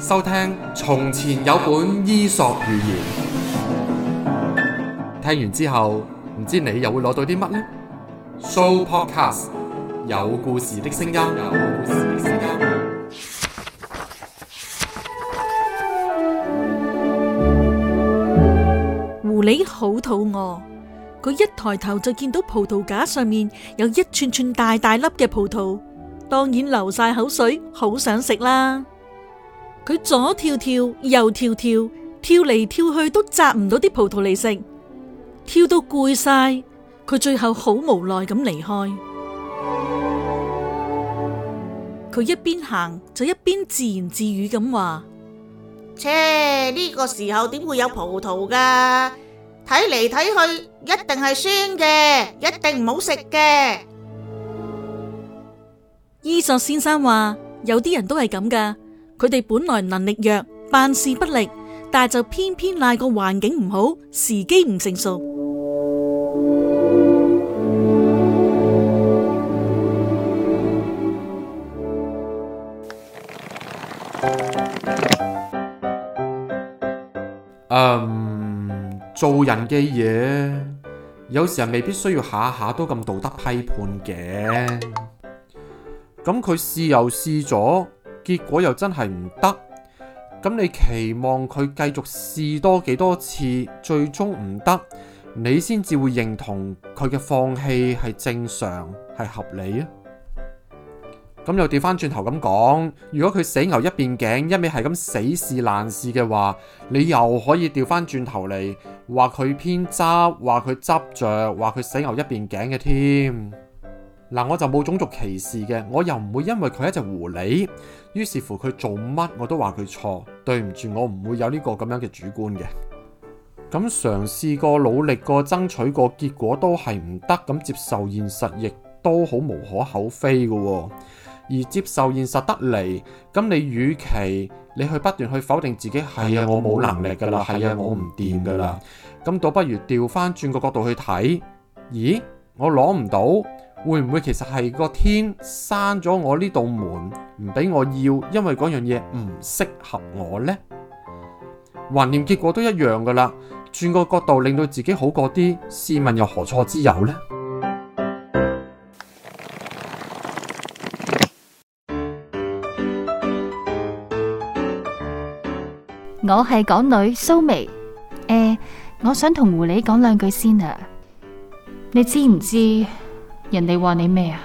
收聽從前有本伊索寓言，聽完之後唔知你又會攞到啲乜呢？Sooopodcast 有故事的聲音。狐狸好肚餓，佢一抬頭就見到葡萄架上面有一串串大大粒嘅葡萄，當然流晒口水，好想食啦。佢左跳跳，右跳跳，跳嚟跳去都摘唔到啲葡萄嚟食，跳到攰晒，佢最後好無奈咁離開。佢一邊行就一邊自言自語咁話：「切，呢個時候點會有葡萄噶？睇嚟睇去，一定係酸嘅，一定唔好食嘅。」伊索先生話：「有啲人都係咁噶。」佢哋本來能力弱，辦事不力，但係就偏偏賴個環境唔好，時機唔成熟。嗯，做人嘅嘢，有時候未必需要下下都咁道德批判嘅。咁佢試又試咗。結果又真係唔得，咁你期望佢繼續試多幾多次，最終唔得，你先至會認同佢嘅放棄係正常，係合理啊？咁又調翻轉頭咁講，如果佢死牛一邊頸，一味係咁死事爛事嘅話，你又可以調翻轉頭嚟話佢偏執，話佢執着，話佢死牛一邊頸嘅添。嗱，我就冇種族歧視嘅，我又唔會因為佢係一隻狐狸，於是乎佢做乜我都話佢錯。對唔住，我唔會有呢個咁樣嘅主觀嘅。咁嘗試過、努力過、爭取過，結果都係唔得。咁接受現實亦都好無可口非嘅。而接受現實得嚟，咁你與其你去不斷去否定自己，係啊，我冇能力㗎喇，係啊，我唔掂㗎喇，咁、啊、倒不如調翻轉個角度去睇，咦，我攞唔到。會唔會其實係個天閂咗我呢道門，唔俾我要，因為嗰樣嘢唔適合我呢？橫掂結果都一樣噶啦，轉個角度令到自己好過啲，試問又何錯之有呢？我係港女蘇眉，誒，我想同狐狸講兩句先啊，你知唔知？人哋話你咩啊？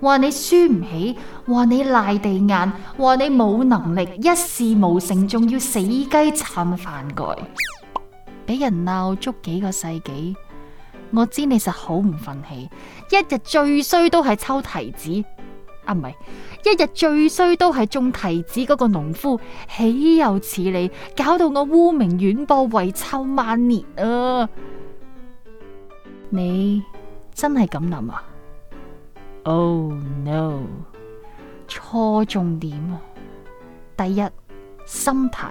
話你輸唔起，話你賴地硬，話你冇能力，一事無成，仲要死雞撐飯蓋，俾人鬧足幾個世紀。我知你實好唔忿氣，一日最衰都係抽提子，啊唔係，一日最衰都係種提子嗰個農夫，豈有此理？搞到我污名遠播，遺臭萬年啊！你，真係咁諗啊？Oh no！錯重點啊！第一，心態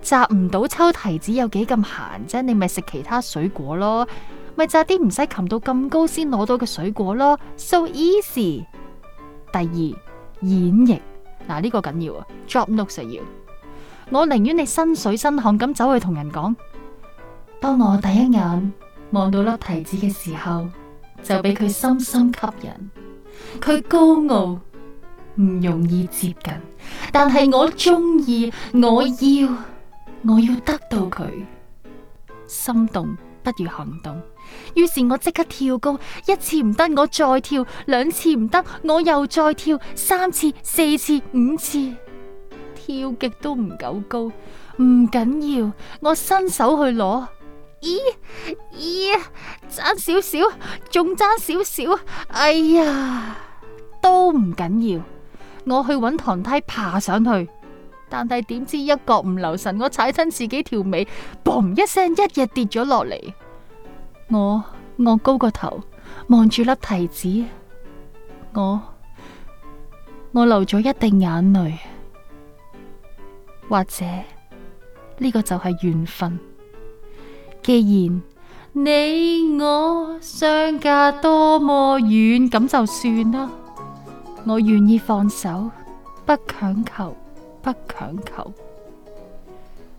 摘唔到抽提子有幾咁閒啫？你咪食其他水果咯，咪摘啲唔使擒到咁高先攞到嘅水果咯。So easy！第二，演繹，嗱呢個緊要啊，job looks 要我寧願你身水身汗咁走去同人講，當我第一眼望到粒提子嘅時候。就俾佢深深吸引，佢高傲，唔容易接近，但係我中意，我要我要得到佢。心動不如行動，於是我即刻跳高，一次唔得，我再跳，兩次唔得，我又再跳，三次、四次、五次，跳極都唔夠高，唔緊要，我伸手去攞。咦咦，爭少少，仲爭少少，哎呀，都唔緊要。我去揾糖梯爬上去，但係點知一個唔留神，我踩親自己條尾，嘣一聲，一日跌咗落嚟。我我高個頭望住粒提子，我我流咗一滴眼淚，或者呢個就係緣分。既然你我相隔多麼遠，咁就算啦。我願意放手，不強求，不強求。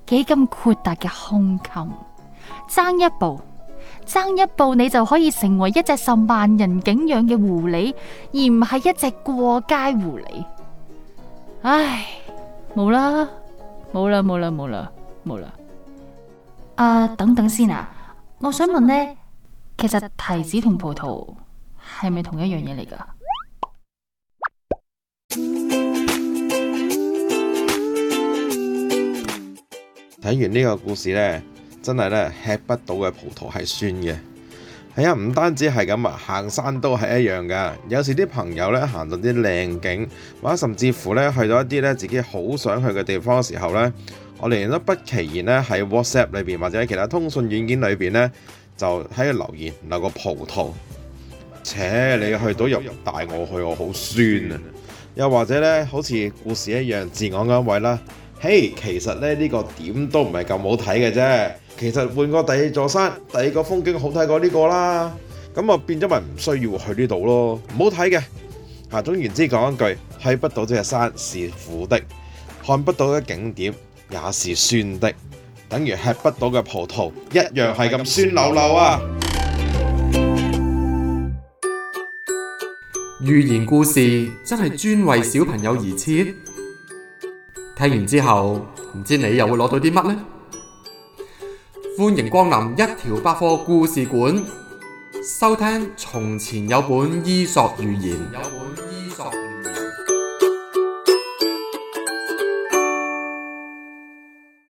幾咁闊達嘅胸襟，爭一步，爭一步，你就可以成為一隻受萬人景仰嘅狐狸，而唔係一隻過街狐狸。唉，冇啦，冇啦，冇啦，冇啦，冇啦。誒，uh, 等等先啊！我想問呢，其實提子同葡萄係咪同一樣嘢嚟噶？睇完呢個故事呢，真係呢，吃不到嘅葡萄係酸嘅。係、哎、啊，唔單止係咁啊，行山都係一樣噶有時啲朋友呢，行到啲靚景，或者甚至乎呢，去到一啲呢自己好想去嘅地方嘅時候呢。我連都不其然咧喺 WhatsApp 裏邊，或者喺其他通訊軟件裏邊咧，就喺度留言留個葡萄，且你去到入帶我去，我好酸啊！又或者咧，好似故事一樣，自我安慰啦，嘿，其實咧呢個點都唔係咁好睇嘅啫，其實換個第二座山，第二個風景好睇過呢個啦，咁啊變咗咪唔需要去呢度咯，唔好睇嘅。啊，總言之講一句，睇不到嘅山是苦的，看不到嘅景點。也是酸的，等於吃不到嘅葡萄一樣係咁酸溜溜啊！寓言故事真係專為小朋友而設，聽完之後唔知你又會攞到啲乜呢？歡迎光臨一條百貨故事館，收聽《從前有本伊索寓言》。